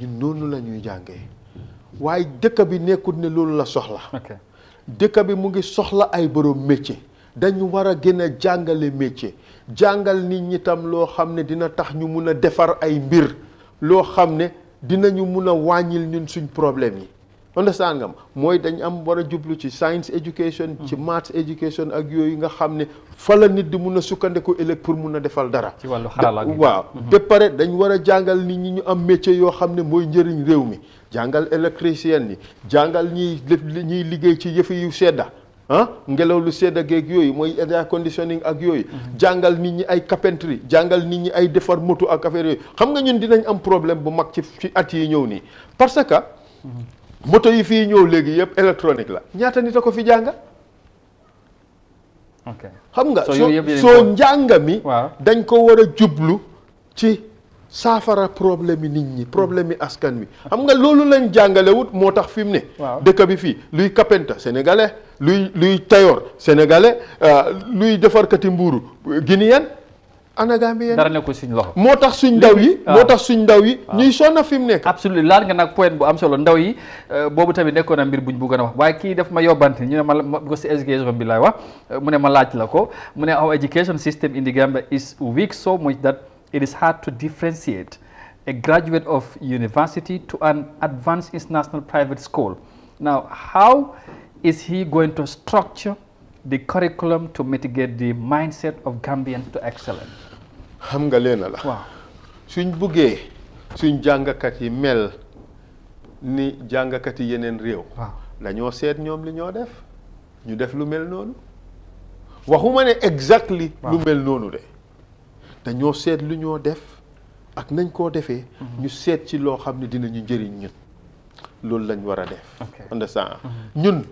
noonu la ñuy jàngee waaye dëkk bi nekkul ne loolu la soxla. dëkk bi mu ngi soxla ay borom métier. dañu war a gën a jàngale métier jàngal nit ñi tam loo xam ne dina tax ñu mun a defar ay mbir loo xam ne dinañu mun a wàññil ñun suñ problème yi. understand nga mooy dañ am war a jublu ci science education hmm. ci maths education ak yooyu nga xam ne fa nit di mun a sukkandiku ëllëg pour mun a defal dara wàllu xarala waaw ba hmm. pare dañ war a jàngal nit ñi ñu am métier yoo xam ne mooy njëriñ réew mi jàngal électricien yi jàngal ñiy ñiy liggéey ci yëfi yu sedda ah ngelaw lu sedd ak yooyu mooy air conditioning ak yooyu hmm. jàngal nit ñi ay carpentry jàngal nit ñi ay defar moto ak affaire yooyu xam nga ñun dinañ am problème bu mag ci ci at yi ñëw nii parce que moto yi fii ñëw léegi yëpp électronique la ñaata nit a ko fi jànga ok xam nga soo soo njàng mi. dañ ko war a jublu ci saafara problème yi nit ñi problème yi askan wi. xam nga loolu lañ jàngalewut moo tax fi mu ne. dëkk bi fii luy kapenta sénégalais luy luy tayoor sénégalais euh, luy defarkati mbuuru guinéen ana Gambie suñ loxo moo tax suñ ndaw yi moo tax suñ ndaw yi ñuy sonna fi mu nekk absolument laal nga nag point bu am solo ndaw yi euh, boobu tamit nekkoon na mbir buñ bugg a wax waaye kii daf ma yóbbante ñu ne ma ko si education bi laay wax euh, mu ne ma laaj la ko mu ne our education system in the Gambia is weak so much that it is hard to differentiate a graduate of university to an advanced international private school now how is he going to structure the curriculum to mitigate the mindset of Gambians to excellence. xam nga leen la. suñ buggee suñ jàngkat yi mel ni jàngkat yi yeneen réew. waaw dañoo seet ñoom li ñoo def ñu def lu mel noonu waxuma ne exactly. lu mel noonu de dañoo seet lu ñoo def ak nañ koo defee. Mm-hmm. ñu seet ci loo xam ne dinañu njëriñ ñun loolu lañ war a def. Mm-hmm. ñun.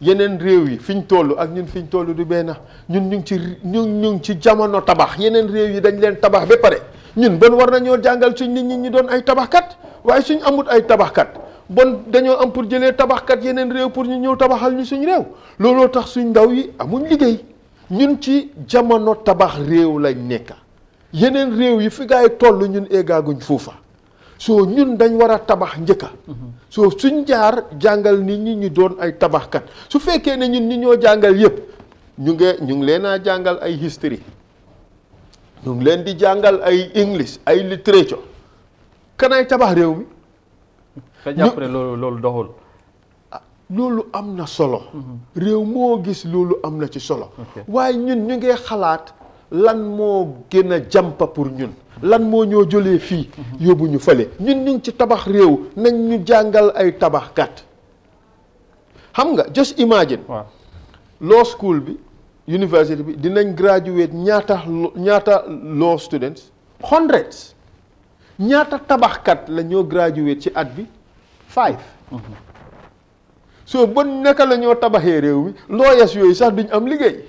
yeneen réew yi fi ñu toll ak ñun fi ñu toll du benn ñun ñu ngi ci ñu ñu ngi ci jamono tabax yeneen réew yi dañ leen tabax ba pare ñun bon war nañoo jàngal suñ nit ñi ñu doon ay tabaxkat waaye suñ amut ay tabaxkat bon dañoo am pour jëlee tabaxkat yeneen réew pour ñu ñëw tabaxal ñu suñ réew looloo tax suñ ndaw yi amuñ liggéey ñun ci jamono tabax réew lañ nekk yeneen réew yi fi gaa yi toll ñun eggaaguñ fuufa so ñun dañ wara a tabax so suñ jaar jàngal nit ñi ñu doon ay tabaxkat su fekkee ne ñun ñi ñoo jàngal yépp ñu nge ñu ay history ñu ngi leen di jàngal ay english ay literature kanay tabax réew mi nga jàpp ne loolu doxul ah, solo mm-hmm. réew moo gis loolu ci solo waaye ñun ñu ngi xalaat lan moo gën a jàmpa pour ñun lan moo ñoo jëlee fii mhm. yóbbu ñu fële ñun ñu ngi ci tabax réew nañ ñu jàngal ay tabaxkat xam nga just imagine law school bi university bi dinañ graduate ñaata ñaata law students hundreds ñaata tabaxkat la ñoo graduate ci at bi five mhm. so ba naka la ñoo tabaxee réew mi lawyers yooyu sax duñ am liggéey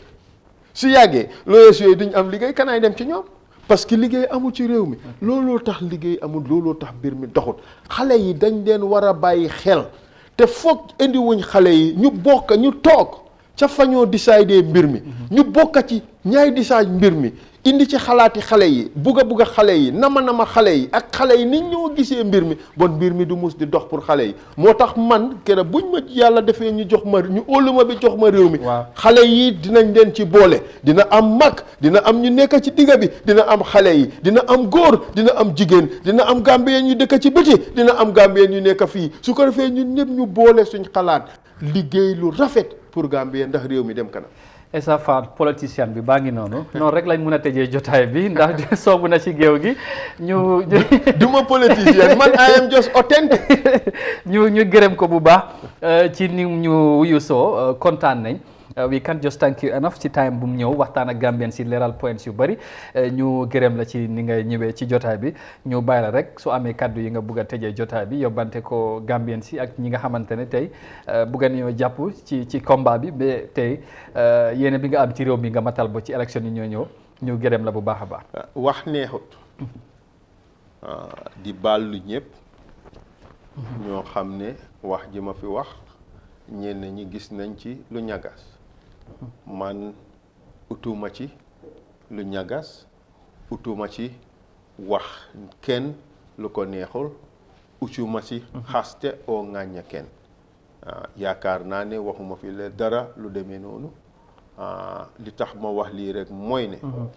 su yàggee loges yooyu duñ am liggéey kanaay dem ci ñoom parce que liggéey amul ci réew mi looloo tax liggéey amul looloo tax mbir mi doxut xale yi dañ leen war a bàyyi xel te foog indi xale yi ñu bokk ñu toog ca fañoo décider mbir mi mhm. ñu bokk ci ñaay décide mbir mi indi ci xalaati xale yi bugg a bugg xale yi nama nama xale yi ak xale yi ni ñoo gisee mbir mi bon mbir mi du mus di dox pour xale yi moo tax man kere buñ ma yàlla defee ñu jox ma ñu óolu ma bi jox ma réew mi xale yi dinañ leen ci boole dina am mag dina am ñu nekk ci digg bi dina am xale yi dina am góor dina am jigéen dina am gambien ñu dëkk ci biti dina am gambien ñu nekk fii su ko defee ñun ñëpp ñu boole suñ xalaat liggéey lu rafet pour gambien ndax réew mi dem kanam esafan politicien bi baa ngi noonu noonu rek lañ mën a tëjee jotaay bi ndax soobu na ci géew gi ñu du ma politicien man I am just authentic ñu ñu gërëm ko bu baax euh, ci ni ñu wuyu soo euh, kontaan nañ Uh, we can't just thank you enough ci time bu ñëw waxtaan ak Gambien si leeral points yu bari uh, ñu gërëm la ci ni nga ñëwee ci jotaay bi ñu bàyyi rek su amee kàddu yi nga bugg a tëjee jotaay bi yóbbante ko Gambien si ak ñi nga xamante ne tey uh, bugg nañoo jàpp ci ci combat bi ba tey yéene bi nga am ci réew mi nga matal ba ci élection yi ñoo ñëw ñu gërëm la bu baax a baax. wax neexut. di lu ñëpp. Mm-hmm. ñoo xam ne wax ji ma fi wax ñenn ñi gis nañ ci lu ñagas. man utuma ci lu ñagas utuma ci wax kenn lu ko neexul utuma ci mhm. xaste oo ŋàñña kenn ah, yaakaar naa ne waxuma fi la dara lu demee noonu ah, li tax ma wax lii rekk mooy ne mhm.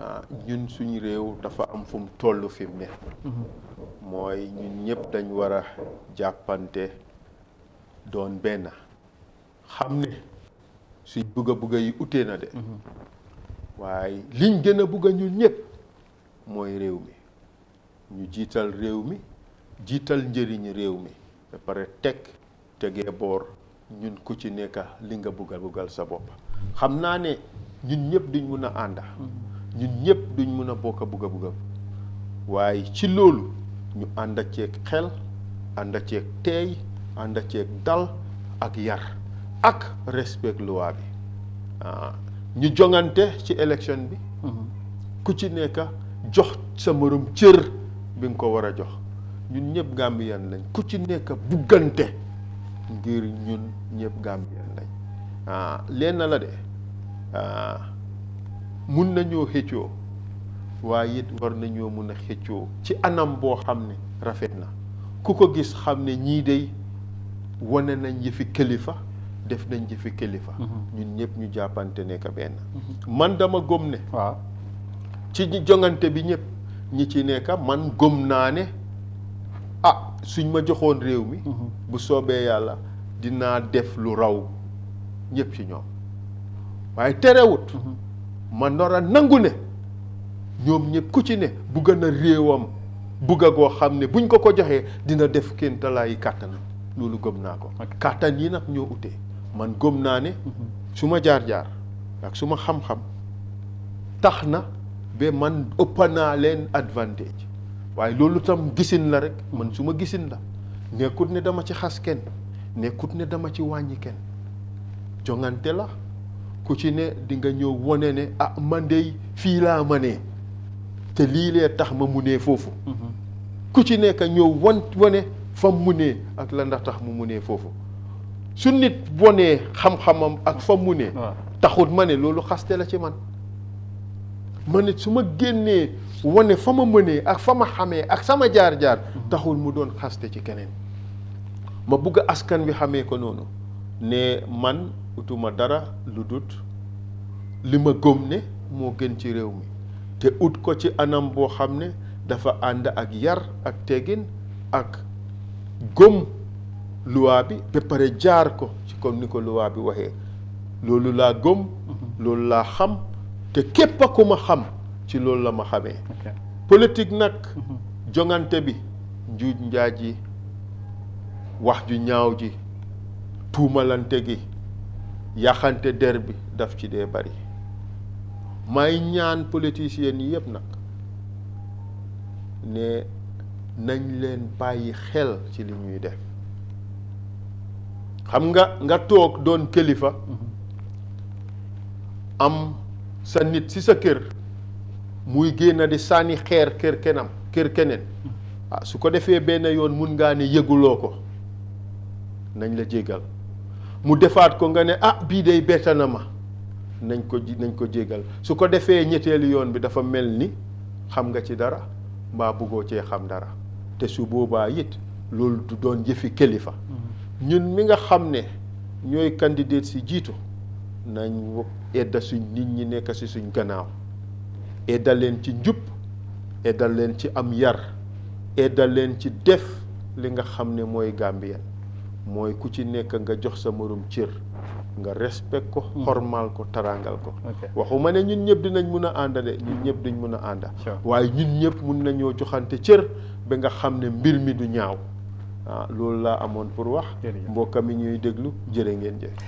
ah, ñun suñu réew dafa am fu tollu toll fi mu ne mhm. mooy ñun ñëpp dañ war a jàppante doon benn xam ne suñ bëgg bëgg yi utee na linggena mhm. waaye liñ gën a bëgg ñun ñëpp mooy réew mi ñu jiital réew mi jiital njëriñ réew mi ba pare teg tegee boor ñun ku ci nekk li nga bëgg a bëggal sa bopp anda cek ñun ñëpp duñ mhm. ñun ñëpp duñ bokk bëgg bëgg ci ñu xel dal ak yar ak respect loi bi ah, ñu jongante ci élection bi mhm. ku ci nekk jox sa morom cër bi nga ko war a jox ñun ñëpp Gambien lañ ku ci nekk buggante ngir ñun ñépp Gambien lañ ah lenn la de ah, mun nañoo xëccoo waaye it war nañoo mën a xëccoo ci anam boo xam ne rafet na ku ko gis xam ne ñii day wone nañ yëfi kilifa. def nañ jëfi kilifa. Mhm. ñun ñëpp ñu jàppante nekk benn. Mhm. man dama gëm ne. waaw ci jongante bi ñëpp ñi ci nekk man gëm naa ne ah suñ ma joxoon réew mi. Mhm. bu soobee yàlla dinaa def lu raw ñëpp ci ñoom waaye terewut. ma nar nangu ne ñoom ñëpp ku ci ne bu bugg na réewam bugga goo xam ne buñ ko ko joxee dina def kéntalaayi kàttanam loolu gëm naa ko kàttan yi nag ñoo utee man gëm naa ne su ma jaar-jaar ak su ma xam-xam tax na ba man ëpp naa leen advantage waaye loolu tam gisin la rek man su ma gisin la nekkut ne dama ci xas kenn nekkut ne dama ci wàññi kenn jongante la ku ci ne dinga ñëw wone ne ah man de fii laa mënee te lii lee tax ma munee foofu mhm. ku ci nekk ñëw wan wone fam munee ak la ndax tax mu munee foofu su nit bonee xam-xamam ak fa mu ne taxut ma ne loolu xaste la ci man ma ne su ma génnee wane fa ma mënee ak fa ma xamee ak sama jaar-jaar hmm. taxul mu doon xaste ci keneen ma bugg askan wi xamee ko noonu ne man utuma dara lu dut li ma gëm ne moo gën ci réew mi te ut ko ci anam boo xam ne dafa ànd ak yar ak teggin ak gëm luwaa bi jaar ko ci comme ni ko luwaa bi waxee loolu laa gëm mhm. loolu laa xam te képp a xam ci loolu la ma xamee politique nag mhm. jongante bi njuuj njaaj yi wax ju ñaaw ji tuumalante gi yaxante der bi daf ci dee bari may ñaan politiciens yi yëpp nag ne nañ leen bàyyi xel ci li ñuy def xam nga nga toog doon kilifa am sa nit si sa kër muy génn di sànni xeer kër kenam kër keneen ah, su ko defee benn yoon mun ngaa ne yëguloo ko nañ la jégal mu defaat ko nga ne ah bii day betta na ma nañ ko nañ ko jégal su ko defee ñetteelu yoon bi dafa mel ni xam nga ci dara mbaa buggoo cee xam dara te su boobaa yit loolu du doon jëfi kilifa ñun mi nga xam ne ñooy candidat si jiitu nañ edda suñ nit ñi nekk si suñ gannaaw eddal leen ci njub eddal leen ci am yar eddal leen ci def li nga xam ne mooy Gambien mooy ku ci nekk nga jox sa morom cër nga respect ko hmm. xormaal ko tarangal ko waxuma ne ñun ñëpp dinañ mun a ànda de ñun ñëpp duñ mun a ànda waaye ñun ñëpp mun nañoo joxante cër ba nga xam ne mbir mi du ñaaw ah loolu laa amoon pour wax mbokka mi ñuy déglu jërë ngeen jëf